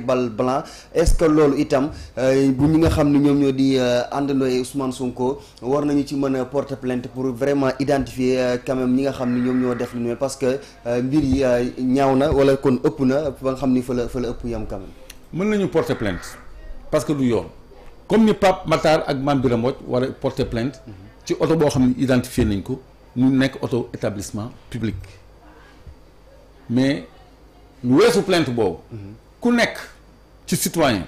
bal blanc est-ce que loolu itam euh, bu ñi nga xam ne ñoom ñoo di euh, àndandoo yi Ousmane Sonko war nañu ci mën a porter plainte pour vraiment identifier euh, quand même ñi nga xam ne ñoom ñoo def lu ñu parce que mbir yi ñaaw na wala kon ëpp na ba nga xam ni fa la fa la ëpp yam quand mën nañu porter plainte parce que du yoon comme ni Pape Matar ak Mame Birame Wathie war a porter ci oto boo xam ne identifier nañ ko mu nekk oto établissement public mais lu weesu plainte boobu mhm. ku nekk ci citoyen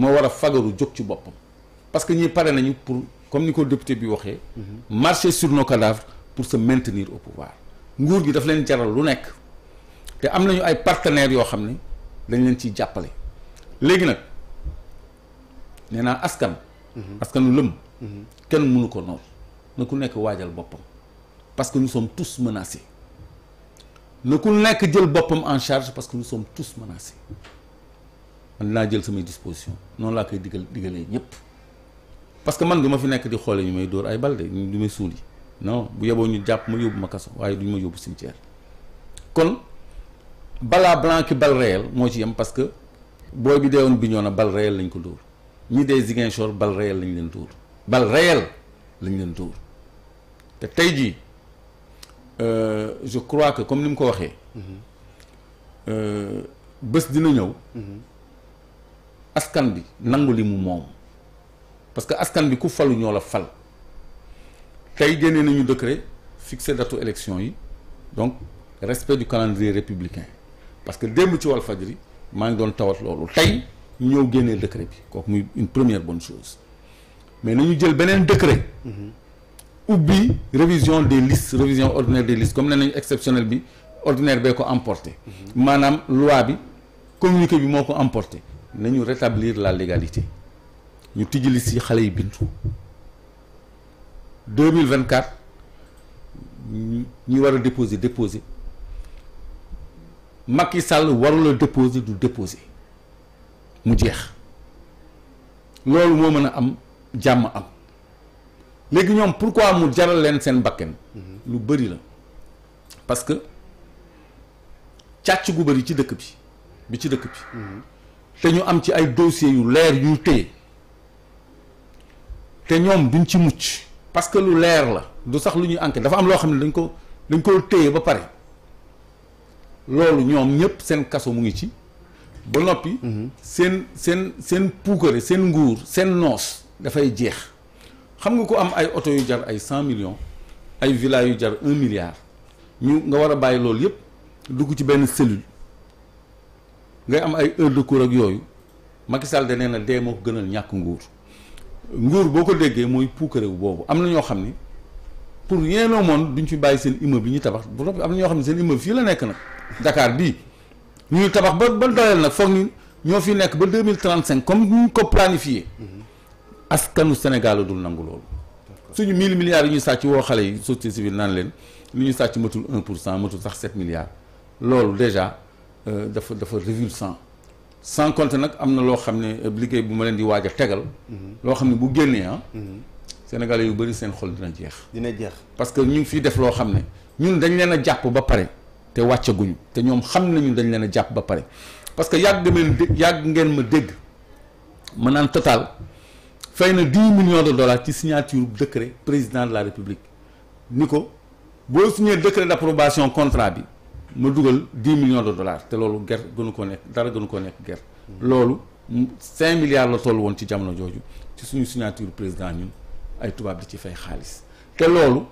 moo war a fagaru jóg ci boppam parce que ñii pare nañu pour comme ni ko député bi waxee mhm. marché sur nos pour se maintenir au pouvoir nguur gi daf leen jaral lu nekk te am nañu ay partenaires yoo xam ne dañ leen ci jàppale léegi nag nee naa askan mhm. askanu lëm mhm. kenn mënu ko noonu na ku nekk waajal boppam parce que nu sommes tous menacés na ku nekk jël boppam en charge parce que nous sommes tous menacés man naa jël samay disposition noonu laa koy digal digalee ñëpp parce que man du ma fi nekk di xoole ñu may dóor ay balde du may suul yi non bu yeboo ñu jàpp ma yóbbu ma kaso waaye duñ ma yóbbu cimetière kon balaa blanc bal réel moo ci yem parce que booy bi deewoon bi ñoo na bal réel lañ ko dóor ñi dee Ziguinchor bal réel lañ leen dóor bal lañ leen dóor te tey jii Euh, je crois que comme ni mu ko waxee. Euh, bés dina ñëw. askan bi nangu li mu moom parce que askan bi ku falu ñoo la fal tey génnee nañu décret fixé datu élection yi donc respect du calendrier républicain parce que démb ci Walfadjri maa ngi doon tawat loolu tey ñëw génnee décret bi kooku muy une première bonne chose mais nañu jël beneen décret. ubbi révision des listes révision ordinaire des listes comme nee nañu exceptionnel bi ordinaire bee ko emporté maanaam loi bi communiqué bi moo ko emporté nañu rétablir la légalité ñu tijji liste yi xale yi bindu 2024 ñu war a déposer déposer Macky Sall warul déposé déposer du déposer mu jeex loolu moo mën a am jàmm am léegi ñoom pour pourquoi mu jaral leen seen bakken lu bëri la parce que càcc gu bëri ci dëkk bi bi ci dëkk bi te ñu am ci ay dossiers yu leer yuy téye te ñoom duñ ci mucc parce que lu leer la du sax lu ñuy enquête dafa am loo xam ne dañ koo dañ koo téye ba pare loolu ñoom ñëpp seen kaso mu ngi ci ba noppi mm-hmm. seen seen seen puukare seen nguur seen noos dafay jeex xam nga ko am ay oto yu jar ay cent millions ay villas yu jar un milliard ñu nga war a bàyyi loolu yëpp dugg ci benn cellule ngay am ay heure de cours ak yooyu Macky Sall da na dee moo ko gënal ñàkk nguur nguur boo ko déggee mooy puukarewu boobu am na ñoo xam ni pour rien au monde duñ fi bàyyi seen immeuble yi ñu tabax bu am na ñoo xam ne seen immeuble fii la nekk nag Dakar bii ñu tabax ba ba doyal nag foog ñu ñoo fi nekk ba deux mille trente cinq comme ñu ko planifié. Mhm. askanu Sénégal dul nangu loolu. suñu 1000 milliards yi ñuy sàcc woo xale yi société civile naan leen li ñu sàcc matul 1 pour cent matul sax 7 milliards loolu déjà euh, dafa dafa révulsant sans compter nag am na loo xam ne euh, liggéey bu ma leen di waaj tegal. Mhm. loo xam ne bu génnee ah. Mhm. Sénégalais yu bëri seen xol dina jeex. dina jeex parce que ñu ngi fiy def loo xam ne ñun dañ leen a jàpp ba pare te wàccaguñu te ñoom xam nañu dañ leen a jàpp ba pare parce que yàgg ngeen yàgg ngeen ma dégg ma fay na dix millions de dollars ci signature décret président de la république ni ko boo signé décret probation contrat bi ma dugal dix millions de dollars te loolu gerte gënu ko nekk dara gënu ko nekk gert loolu cinq milliards la toll woon ci jamono jooju ci suñu signature président ñu ay tubaab di ci fay xaalis te loolu.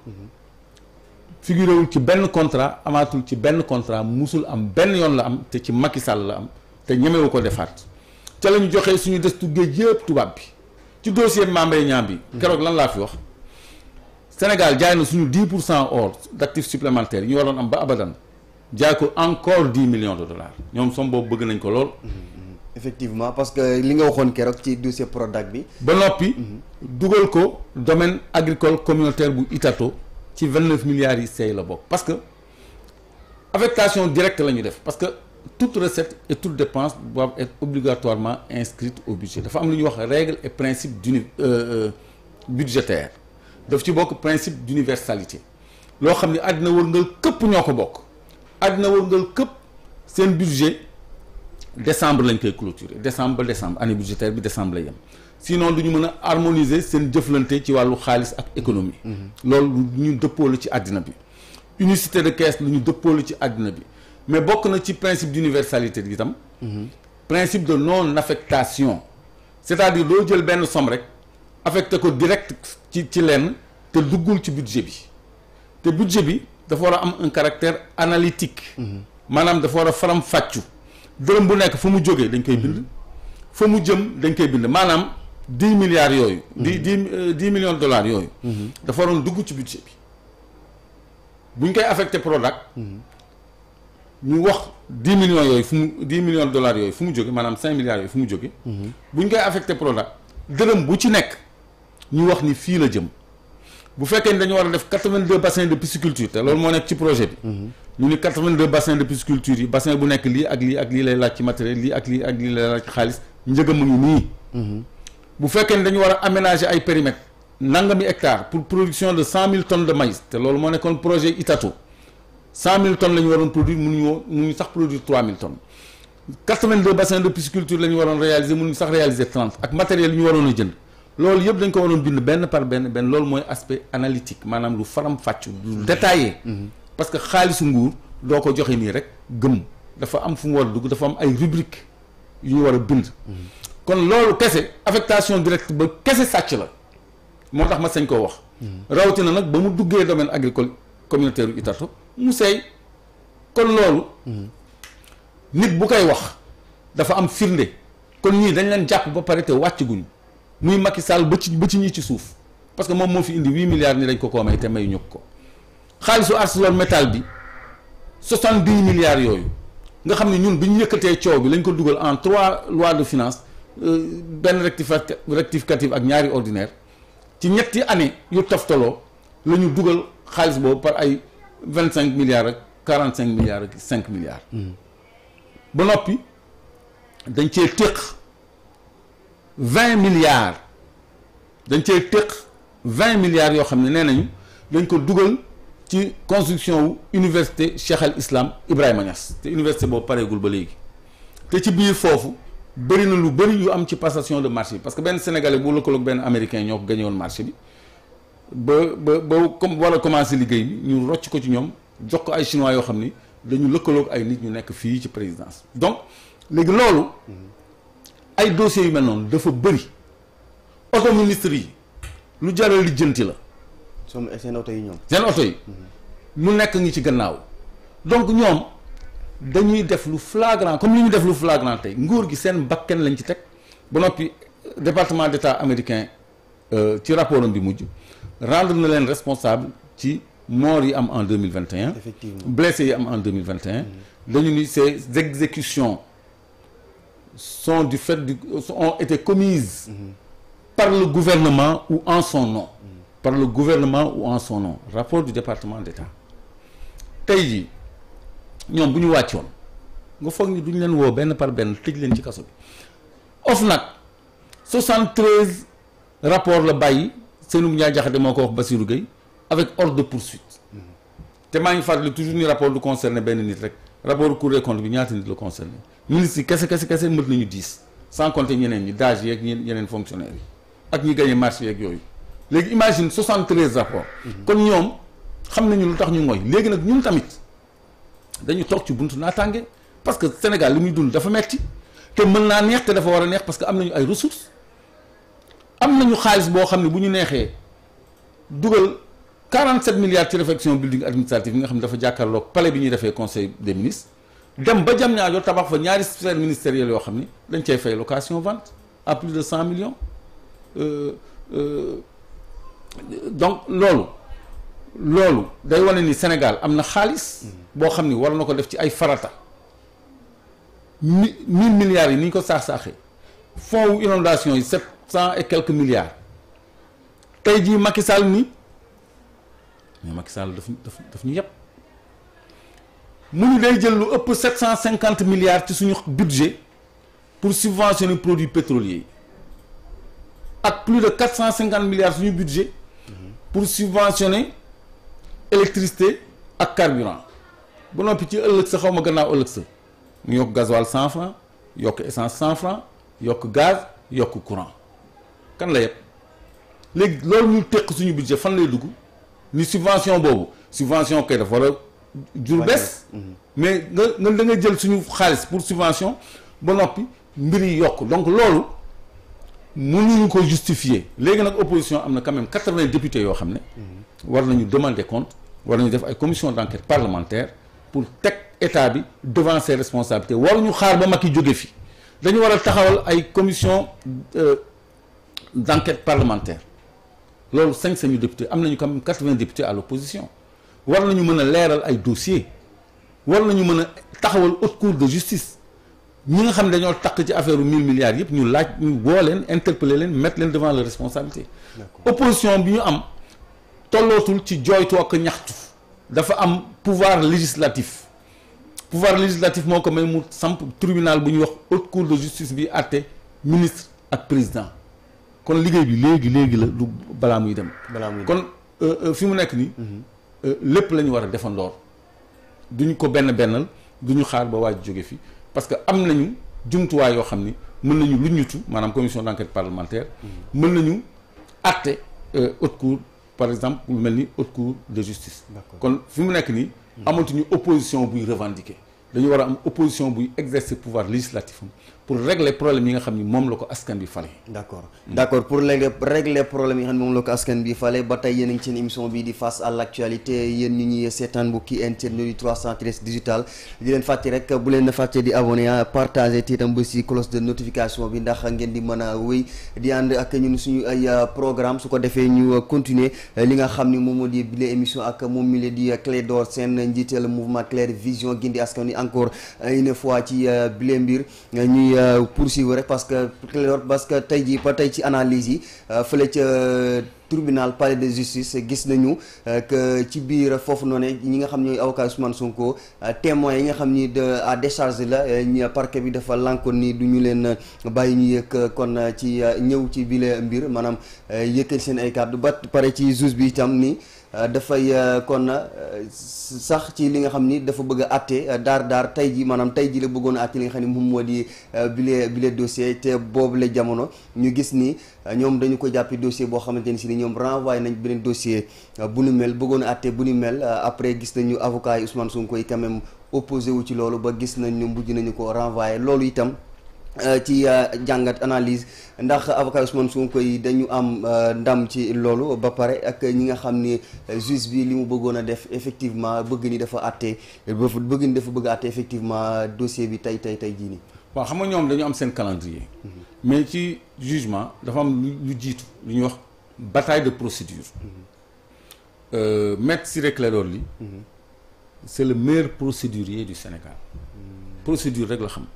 figuré wul ci benn contrat amaatul ci benn contrat musul am benn yoon la am te ci Macky Sall la am te ñemewu ko defaat ca la ñu suñu destu géej yëpp tubaab bi. ci dossier Mame Mbaye bi keroog lan laa fi wax Sénégal jaay na suñu 10 pour cent or d' actifs supplémentaires yi ñu waroon am ba abadan jaay ko encore 10 million de dollars ñoom som boobu bëgg nañ ko lool effectivement parce que li nga waxoon keroog ci dossier Prodac bi ba noppi mhm. dugal ko domaine agricole communautaire bu Itato ci vingt neuf milliards yi seey la bokk parce que affectation directe la ñu def parce que toute recette et toute dépense doivent être obligatoirement inscrites au budget dafa am lu ñuy wax règle et principe d'uni euh, euh, budgétaire daf ci bokk principe d'universalité loo xam ne àddina wërngal këpp ñoo ko bokk àddina wërngal këpp seen budget décembre lañ koy clôturer décembre ba décembre année budgétaire bi décembre lay yem sinon du ñu mën a harmoniser seen jëflante ci wàllu xaalis ak économie mm-hmm. loolu lu ñu dëppoo la ci àddina bi unicité de caisse lu ñu dëppoo ci àddina bi mais bokk na ci principe d'universalité bi itam. Mhm. principe de non affectation. c'est-à-dire doo jël benn somme rek affecté ko direct ci ci lenn te duggul ci budget bi te budget bi dafa war a am un caractère analytique. Mhm. maanaam dafa war a faram fàccu. dërëm bu nekk fu mu jógee dañ koy bind. Mhm. fa mu jëm dañ koy bind maanaam dix milliards yooyu. di dix dix euh, de dollars yooyu. dafa waroon duggu ci budget bi buñ koy affecté Prodac. ñu wax dix millions yooyu fu mu dix millions de dollars yooyu fu mu jóge maanaam cinq milliards yooyu fu mu jóge mhm. buñ koy bu ci nekk ñu wax ni fii la jëm bu fekkee war a def quatre-vingt-deux bassins de pisciculture te loolu projet bi mhm. ñu ni yi bassin bu nekk lii ak lii ak lii lay laaj ci matériel lii ak lii ak lii a ngi nii mhm. bu fekkee a aménager ay périmètres nangami hectares pour production de ton mille tonnes de maïs te loolu moo nekkoon projet Itato cent mille ton la ñu waroon produire mënuñu woon mënuñu sax produire trois mille tonnes quatre-vingt-deux bassins de pisciculture la ñu waroon réaliser mënuñu sax réaliser trente ak matériel yi ñu waroon a jënd loolu yëpp dañ ko waroon bind benn par benn benn loolu mooy aspect analytique maanaam lu faram fàccu lu mhm. Mhm. parce que xaalisu nguur doo ko joxe nii rek gëm dafa am fu mu war dugg dafa am ay rubrique yu ñu war a bind mhm. kon loolu kese affectation direct ba kese sàcc la moo tax ma sañ koo wax rawatina nag ba mu duggee domaine agricole communautaire yu Itato mu seey kon loolu hmm. nit bu koy wax dafa am firnde kon ñii dañ leen jàpp ba pare te wàccaguñu muy Macky Sall ba ci ba ci ñi ci suuf parce que moom moo fi indi huit milliards ni dañ ko koo may te may ñu ko xaalisu ArcelorMittal bi soixante dix milliards yooyu nga xam ne ñun bi ñu yëkkatee coow bi lañ ko dugal en trois lois de finance euh, benn rectificatif rectificative ak ñaari ordinaire ci ñetti année yu toftaloo la ñu dugal xaalis boobu par ay vingt cinq milliards ak quarante cinq milliards cinq milliards. ba noppi dañ cee tëq vingt milliards dañ cee tëq vingt milliards yoo xam ne nee nañu dañ ko dugal ci construction wu université Cheikh al Islam Ibrahima Niass te université boobu pareegul ba léegi te ci biir foofu. bëri na lu bëri yu am ci passation de marché bi parce que benn sénégalais bu lëkkaloog benn américain ñoo ko gagné marché bi ba ba ba comme war commencé liggéey bi ñu rocc ko ci ñoom jox ko ay chinois yoo xam ni dañu lëkkaloog ay nit ñu nekk fii ci présidence donc léegi loolu ay dossiers yu mel noonu dafa bëri oto ministre yi lu jaral lijjanti la. seen oto yi ñoom. seen mu mhm. nekk ngi ci gannaaw donc ñoom dañuy def lu flagrant comme li ñu def lu flagrant tey nguur gi seen bakken lañ ci teg ba noppi département d'état américain. Euh, ci rapport am bi mujj rendre na leen responsable ci morts yi am en deux mille vingt et un blessés yi am en deux mille vingt et un mm-hmm. dañu ni ces exécutions sont du fait du ont été commises mm-hmm. par le gouvernement ou en son nom mm-hmm. par le gouvernement ou en rapport du département d'État tey jii ñoom bu ñu wàccoon nga foog ni duñ leen woo benn par benn tëj leen ci kaso bi OFNAC 73 rapport la bàyyi Seynou Ndiaye Diakhaté moo ko wax Bassirou Gueye avec ordre poursuite te maa ngi fàttali toujours ni rapport du concerné benn nit rek rapport Cour des comptes bi ñaata nit la concerné ministre yi kese kese kese mët nañu diis sans compter ñeneen ñi DAGE yeeg ñeen yeneen fonctionnaire yi ak ñi gagné marché yeeg yooyu léegi imagine 73 rapports mhm. kon ñoom xam nañu lu tax ñu mooy léegi nag ñun tamit dañu toog ci buntu naataange parce que Sénégal li muy dund dafa metti te mën naa neex te dafa a neex parce que am nañu ay ressources am nañu xaalis boo xam ne bu ñu neexee dugal 47 milliards ci réfection building administrative yi nga xam ne dafa jàkkaarloog palais bi ñuy defee conseil des ministres dem ba jam ñaajo tabax fa ñaari sphère ministérielle yoo xam ne dañ cay fay location vente à plus de 100 euh, euh, donc loolu loolu day wane ni Sénégal am na xaalis boo xam ni war na ko def ci ay farata mi yi ni ko saax-saaxee fonds wu inondation yi set cent et quelques milliards tey ji Macky Sall ni mais Macky daf daf daf ñu yëpp mu ni day jël lu ëpp sept cent cinquante milliards ci suñu budget pour subventionner produits pétroliers yi ak plus de quatre cent cinquante milliards suñu budget pour subventionner électricité ak carburant ba noppi ci ëllëg sa xaw ma gannaaw ëllëg sa mu yokk gasoil cent franc yokk essence cent franc yokk gaz yokk courant kan la yëpp léegi loolu ñu teq suñu budget fan lay dugg ni subvention boobu subvention kay dafa war a jur bees mhm. mais nga nga da nga jël suñu xaalis pour subvention ba noppi mbir yi yokk donc loolu mënuñu ko justifier léegi nag opposition am na quand même quatre-vingts yoo xam ne mhm. war nañu demander compte war nañu def ay commission d'enquête parlementaire pour teg état bi devant ses war waruñu xaar ba mag yi jóge fi dañu war a taxawal ay commission euh, d'enquête parlementaire loolu cinq sañu député am nañu ko même quatre-vingts députés à l'opposition war nañu mën a leeral ay dossiers war nañu mën a taxawal haute cour de justice ñi nga xam ne dañoo takk ci affaire mille milliards yëpp ñu laaj ñu woo leen interpeller leen mettre leen devant les responsabilités opposition bi ñu am tollootul ci jooytu ak ñaxtu dafa am pouvoir législatif pouvoir législatif moo ko may mu samp tribunal bu ñuy wax haute cour de justice bi àtte ministre ak président kon liggéey bi léegi léegi la du balaa muy dem. balaa muy dem kon euh, euh, fi mu nekk nii. Mhm. Euh, lépp la ñu war a defandoor duñ ko benn bennal duñu xaar ba waaj jóge fi parce que am nañu jumtuwaay yoo xam ni mën nañu lu ñutu maanaam commission d'enquête parlementaire. Mhm. mën nañu àtte haute cour par exemple lu mel ni haute cour de justice. kon fi mu nekk nii. Mhm. amatuñu opposition buy revendiquer dañu war a am opposition buy exercer pouvoir législatif am pour régler problème yi nga xam ni moom la ko askan bi fale d' accord d' accord pour régler régler problème yi nga xam ni ba tey yéen a ngi seen émission bi di face à l' actualité yéen ñu ñuy seetaan bu kii internet di 313 digital di leen fàtte rek bu leen fàtte di abonné ah, partagé te itam ba si cloche de notification bi ndax ngeen di mën a wéy di ànd ak ñun suñu ay ah, programme su ko defee ñu ah, continuer li nga xam ni moom moo di bile émission ak moom mi la di Clédor Sène njiital mouvement Claire Vision gindi askan wi encore une fois ci bile ñuy euh, poursuivre rek parce que parce que tey jii ba tey ci analyse yi euh, fële ca euh, tribunal palais de justice gis nañu ci biir foofu noonu ñi nga xam ñooy avocat Ousmane Sonko témoins yi nga xam ni de à décharge la ñu parquet bi dafa lànkoon ni du ñu leen bàyyi ñu yëg kon ci ñëw ci bile mbir maanaam yëkkal seen ay kàddu ba pare ci juge bi itam ni Euh, dafay euh, kon euh, sax ci li nga xam ni dafa bëgg a àtte daar daar tey ji maanaam tey ji la bëggoon a àtte li nga xam ni moom moo di bile bile dossier te boobule jamono ñu gis ni ñoom dañu ko jàppi dossier boo xamante ni si ni ñoom renvoyé nañ beneen dossier bu nu mel bëggoon a àtte bu nu mel après gis nañu avocat yi Ousmane Sonko yi quand même opposé wu ci loolu ba gis nañ ñu mujj nañu ko renvoyé loolu itam Euh, ci euh, jàngat analyse ndax avocat Ousmane Sonko yi dañu am euh, ndam ci loolu ba pare ak ñi nga xam ni juge bi li mu bëggoon a def effectivement bëgg ni dafa àtte bëgg ni dafa bëgg àtte effectivement dossier bi tey tey tey jii nii. waaw xam na ñoom dañu am seen calendrier. Mhm. mais ci jugement dafa am lu jiitu lu ñuy wax bataille de procédure. Mhm. maître Ciré Clédor li mhm. c'est le meilleur procédurier du Sénégal. procédure rek la xam.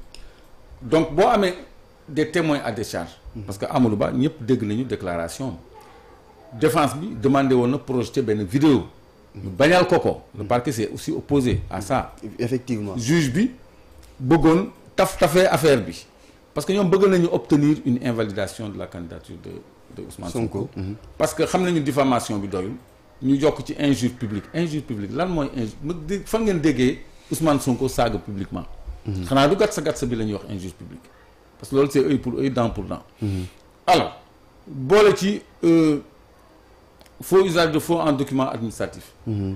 donc boo amee des témoins à décharge. Mhm. parce que Amadou Ba ñëpp dégg nañu déclaration défense bi demandé woon na projeté benn vidéo ñu bañal ko ko. le mhm. parquet se aussi opposé à ça. effectivement juge bi bëggoon taf tafee affaire bi parce que ñoom bëgg nañu obtenir une invalidation de la candidature de de Ousmane mhm. parce que xam nañu diffamation bi doyul ñu jokk ci injure publique injure publique lan mooy injure fan ngeen déggee Ousmane Sonko saaga publiquement xanaa du gatsa gatsa bi la ñuy wax injustice publique parce que loolu c'est œil pour œil dent pour dent. Mm-hmm. alors boole ci euh, faux usage de faux en document administratif. Mm-hmm.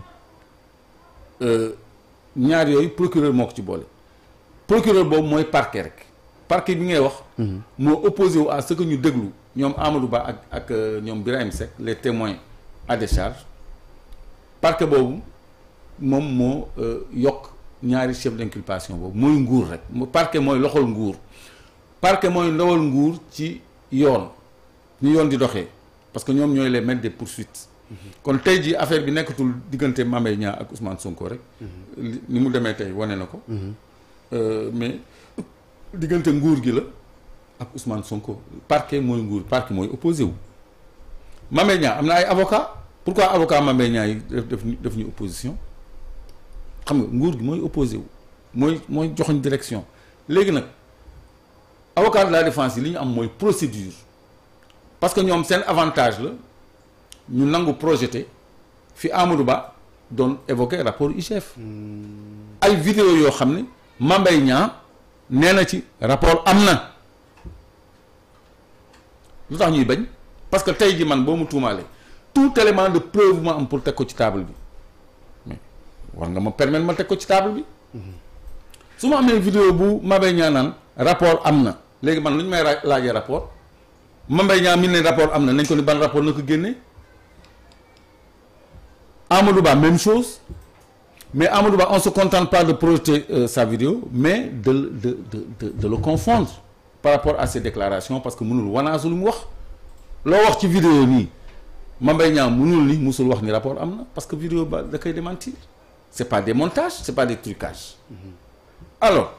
Euh, ñaar yooyu procureur moo ko ci boole. procureur boobu mooy parquet rek parquet bi ngay wax. Mm-hmm. moo opposé wu à ce ñu déglu ñoom Amadou Ba ak ak euh, ñoom Birahim Seck les témoins à décharge parquet boobu moom moo yokk. ñaari chef d'inculpation boobu mooy nguur rek parquet mooy loxol nguur parquet mooy ndawal nguur ci yoon ni yoon di doxee parce que ñoom ñooy les maîtres des poursuites mm-hmm. kon tey jii affaire bi nekkatul diggante Mame Mbaye Niang ak Ousmane Sonko rek mm-hmm. ni mu demee tey wane na ko mm-hmm. euh, mais diggante nguur gi la ak Ousmane Sonko parquet mooy nguur parquet mooy opposé wu Mame Mbaye am na ay avocat pourquoi avocat Mame Mbaye yi def def ñu opposition xam nga nguur gi mooy opposé wu mooy mooy joxoñ direction léegi nag avocat de la défense yi li ñu am mooy procédure parce que ñoom seen avantage la ñu nangu projeté fi Amadou Ba doon évoqué rapport IGF hmm. ay vidéo yoo xam ne Mambay Niang nee na ci rapport am na lu tax ñuy bañ parce que tey ji man boo mu tuumaalee tout élément de preuve ma am pour teg ko ci table bi war nga ma permettre ma teg ko ci table bi su ma amee vidéo bu Mbaye Niang naan rapport am na léegi man lu ñu may laajee rapport Mbaye Niang mi ne rapport am na nañ ko ni ban rapport na ko génnee Amadou Ba même chose mais Amadou Ba on se contente pas de projeter euh, sa vidéo mais de de de de de le confondre par rapport à ses déclarations parce que mënul wanaasu lu mu wax loo wax ci vidéo nii Mbaye Niang mënul ni musul wax ni rapport am na parce que vidéo ba da koy c'est pas des montage c'est pas des trucages alors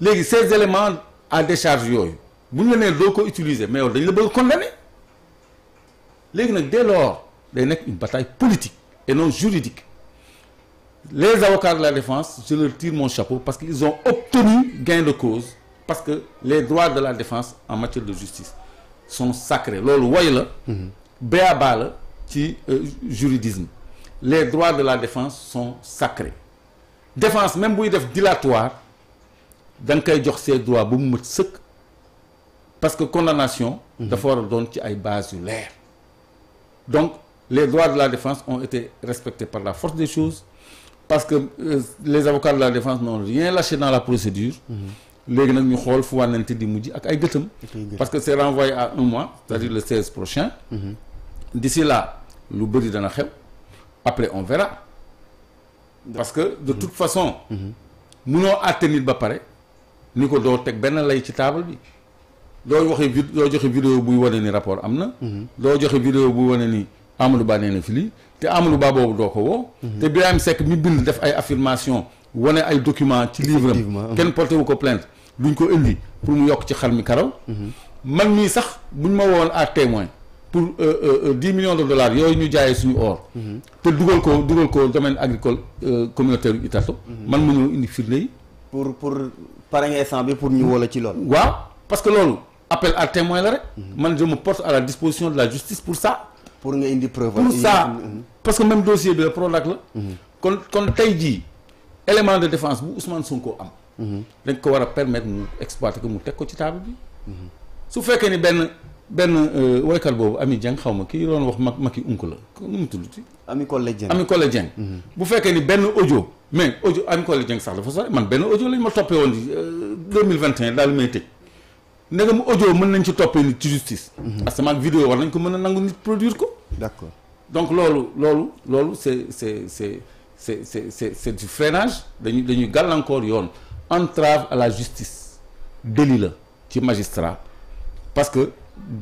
léegi ces éléments à décharge yooyu bu ñu la nee doo ko utiliser mais yow dañ la bëgg condamner léegi nag dès lors day nekk une bataille politique et non juridique les avocats de la défense je leur tire mon chapeau parce que ils ont obtenu gain de cause parce que les droits de la défense en matière de justice sont sacrés loolu woy la mhm. béaba ci euh, juridisme les droits de la défense son sacrés défense même buy def dilatoire da nga koy jox ses droits bu mu mët sëkk parce que condamnation mhm. dafa war a doon ci ay bases yu leer donc les droits de la défense ont été respectés par la force des choses parce que euh, les avocats de la défense n'ont rien lâché dans la procédure mhm. léegi nag ñu xool fu wànnante di mujj ak ay gëtam parce que c'est renvoyé à un mois c'est-à-dire mhm. le 16 di d'ici là lu bëri dana xew après on verra parce que de mm-hmm. tout façon mm-hmm. munoo àtte nit ba pare ni ko doo teg benn lay ci table bi doo waxe vi doo joxe vidéo buy wane ni rapport am na mm-hmm. doo joxe vidéo buy wane ni amalu Ba nee na fi lii te Amadou Ba boobu doo ko woo te am Seck mi bind def ay affirmation wane ay document ci livre am uh-huh. kenn porté wu ko plainte duñ ko indi pour mu yokk ci xar mi karaw man mii sax buñ ma woon à témoin pour euh, euh, euh, dix millions de dollars yooyu ñu jaayee suñu or. te dugal ko dugal ko domaine agricole communautaire yu Itato. man mënul pour ñu wala ci loolu. waaw parce que loolu appel à témoin la rek. man je me porte à la disposition de la justice pour ça. pour nga indi preuve pour ça mm-hmm. parce que même dossier bi la Prodac la. kon kon tey jii élément de défense bu Ousmane Sonko am. Mm-hmm. dañ ko war a permettre mu exploiter ko mu teg ko ci table bi. su fekkee ni benn. benn euh, woykat boobu Ami Dieng xaw ma kii doon wax mag Maki Unku la nu mu tudd ci. Ami Collé Dieng Ami Collé mhm. bu fekkee ni benn audio mais ojo Ami Collé Dieng sax dafa sori man benn ojo lañ ma toppee woon euh, deux mille vingt et un daal may tëj ndegam ojo mën nañ ci toppee nit ci justice. Mhm. parce que maag vidéo war nañ ko mën a nangu nit produire ko. d'accord donc loolu loolu loolu c'est c'est c'est c'est c'est c'est c'est du freinage dañuy dañuy gàllankoor yoon entrave à la justice délit la ci magistrat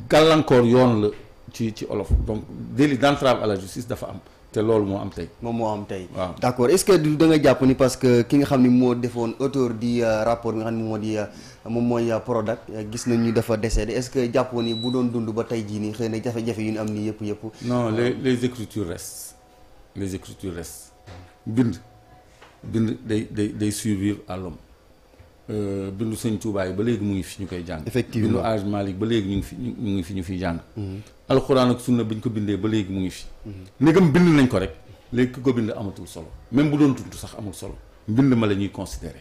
gàllankoor yoon la ci ci olof donc délit d'entrave à la justice dafa am te loolu moo am tey. moom moo am tey. waaw d' accord est ce que da nga jàpp ni parce que ki nga xam ni moo defoon auteur di euh, rapport bi nga xam ni euh, moom mooy euh, Prodac gis nañ ñu dafa décédé est ce que jàppoo ni bu doon dund ba tey jii nii xëy na jafe-jafe yu ni am nii yëpp yëpp. non les les écritures restent les écritures restent bind bind day day day à l'homme Euh, bindu sëñ Tuubaa yi ba léegi mu ngi fi ñu koy jàng. effectivement bindu Age Malick ba léegi ñu ngi fi ñu ngi fi ñu fiy jàng. Mhm. alxuraan ak sunna bi ñu ko bindee ba léegi mu ngi fi. Mhm. ndegam bind nañ ko rek léegi ki ko bind amatul solo même bu doon tudd sax amul solo mbind ma la ñuy considéré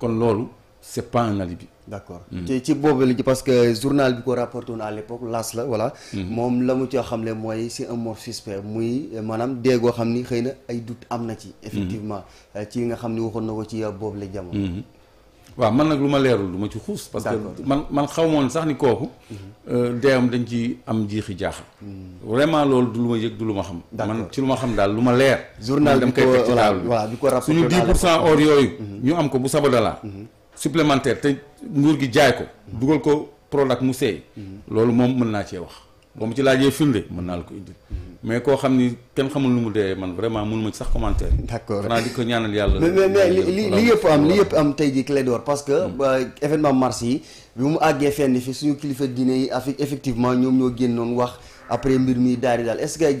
kon loolu c' est pas un alibi. d' accord mhm. ci ci boobu la parce que journal bi ko rapporté woon à l' époque la voilà. moom la mu coo xam ne mooy c' est un mot suspect muy maanaam déggoo xam ni xëy na ay doute am na ci. effectivement ci nga xam ni waxoon na ko ci boobu la jamono. waaw man nag lu ma leerul du ma ci xuus parce que man man xaw moon sax ni kooku mhm. euh, deewam dañ ci am jiixi jaaxa mhm. vraiment loolu du lu ma du lu ma xam man ci lu ma xam daal lu ma leer journal dem koy fekk ci daal bi suñu dix pour cent or yooyu mhm. ñu am ko bu Sabodala supplémentaire te nguur gi jaay ko dugal ko Prodac mu seey loolu moom mën naa cee wax boo ci laajee firnde mën naa la ko indil mais koo xam ni kenn xamul nu mu dee man vraiment mënu ma sax commentaire. d' accord xanaa di ko ñaanal yàlla. mais mais li li yëpp am li yëpp am tey jii Clédor parce que hmm. événement mars yi bi mu àggee fenn fi suñu kilifa diine yi Afrique effectivement ñoom ñoo génnoon wax après mbir mi daal daal